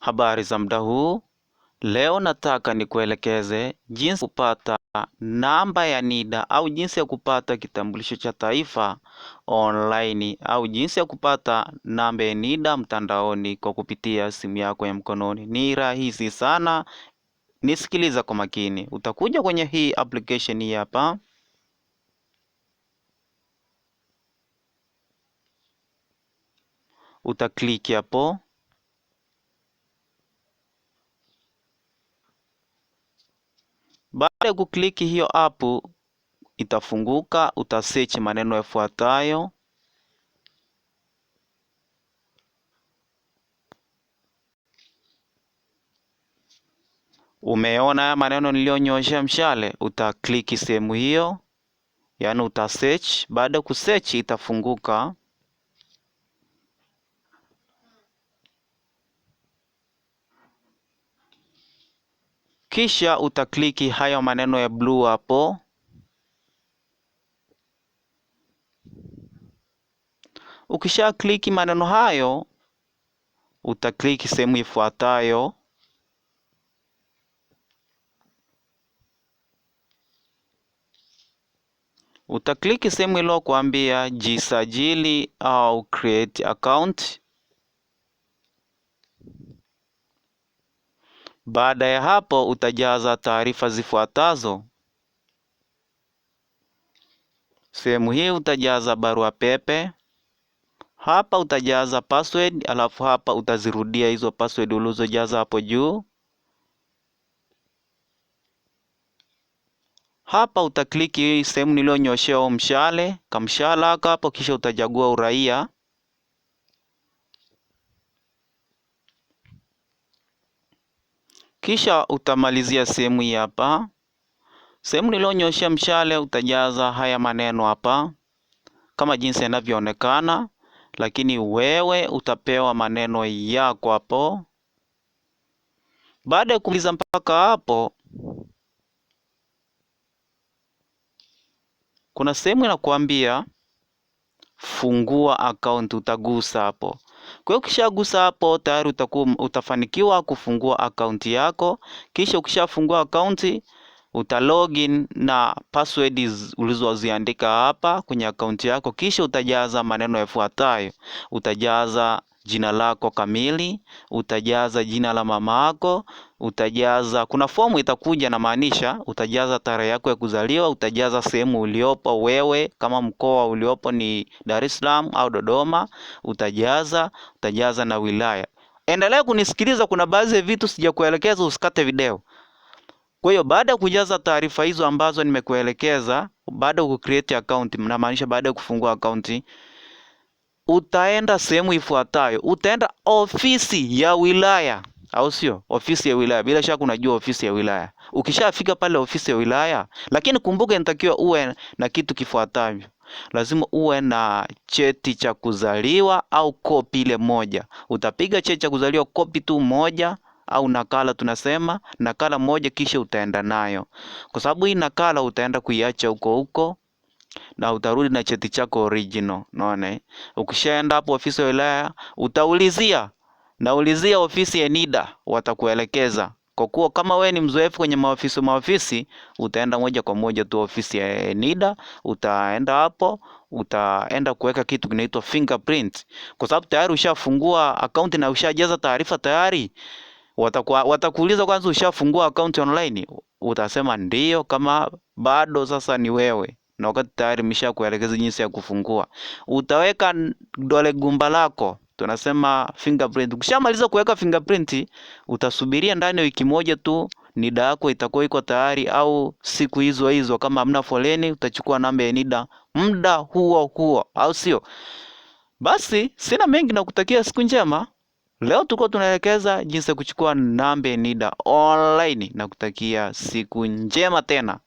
Habari za muda huu, leo nataka nikuelekeze jinsi kupata namba ya NIDA au jinsi ya kupata kitambulisho cha taifa online au jinsi ya kupata namba ya NIDA mtandaoni kwa kupitia simu yako ya mkononi. Ni rahisi sana, nisikiliza kwa makini. Utakuja kwenye hii application hii hapa Utakliki hapo Baada ya kukliki hiyo app itafunguka, utasearch maneno yafuatayo Umeona haya maneno niliyonyoosha mshale, utakliki sehemu hiyo, yaani utasearch. Baada ya kusearch itafunguka. Kisha utakliki hayo maneno ya bluu hapo. Ukisha kliki maneno hayo, utakliki sehemu ifuatayo. Utakliki sehemu iliyokuambia jisajili au create account. Baada ya hapo utajaza taarifa zifuatazo. Sehemu hii utajaza barua pepe. Hapa utajaza password, alafu hapa utazirudia hizo password ulizojaza hapo juu. Hapa utakliki hii sehemu niliyonyoshea mshale kamshala hapo, kisha utachagua uraia. Kisha utamalizia sehemu hii hapa, sehemu nilionyoshia mshale utajaza haya maneno hapa kama jinsi yanavyoonekana, lakini wewe utapewa maneno yako hapo. Baada ya kumaliza mpaka hapo, kuna sehemu inakuambia fungua akaunti, utagusa hapo. Kwa hiyo ukishagusa hapo tayari utafanikiwa kufungua akaunti yako. Kisha ukishafungua akaunti login na password ulizoziandika hapa kwenye akaunti yako, kisha utajaza maneno yafuatayo: utajaza jina lako kamili, utajaza jina la mama yako, utajaza kuna fomu itakuja na maanisha utajaza tarehe yako ya kuzaliwa, utajaza sehemu uliopo wewe, kama mkoa uliopo ni Dar es Salaam au Dodoma, utajaza utajaza na wilaya. Endelea kunisikiliza, kuna baadhi ya vitu sijakuelekeza, usikate video. Kwa hiyo baada ya kujaza taarifa hizo ambazo nimekuelekeza, baada ya kucreate account, mnamaanisha baada ya kufungua account, utaenda sehemu ifuatayo, utaenda ofisi ya wilaya au sio? Ofisi ya wilaya, bila shaka unajua ofisi ya wilaya. Ukishafika pale ofisi ya wilaya, lakini kumbuka, inatakiwa uwe na kitu kifuatavyo. Lazima uwe na cheti cha kuzaliwa au kopi ile moja. Utapiga cheti cha kuzaliwa kopi tu moja au nakala, tunasema nakala moja, kisha utaenda nayo, kwa sababu hii nakala utaenda kuiacha huko huko na utarudi na cheti chako original. Unaona, eh? ukishaenda hapo ofisi ya wilaya utaulizia naulizia ofisi ya NIDA watakuelekeza, kwa kuwa kama we ni mzoefu kwenye maofisi maofisi, utaenda moja kwa moja tu ofisi ya NIDA, utaenda hapo utaenda kuweka kitu kinaitwa fingerprint, kwa sababu tayari ushafungua akaunti na ushajaza taarifa tayari. Watakuwa watakuuliza kwanza, ushafungua account online? Utasema ndiyo, kama bado, sasa ni wewe na wakati tayari misha kuelekeza jinsi ya kufungua. Utaweka dole gumba lako tunasema fingerprint. Ukishamaliza kuweka fingerprint, utasubiria ndani ya wiki moja tu NIDA yako itakuwa iko tayari, au siku hizo hizo kama hamna foleni, utachukua namba ya NIDA muda huo huo, au sio? Basi sina mengi na kutakia siku njema. Leo tuko tunaelekeza jinsi ya kuchukua namba ya NIDA online na kutakia siku njema tena.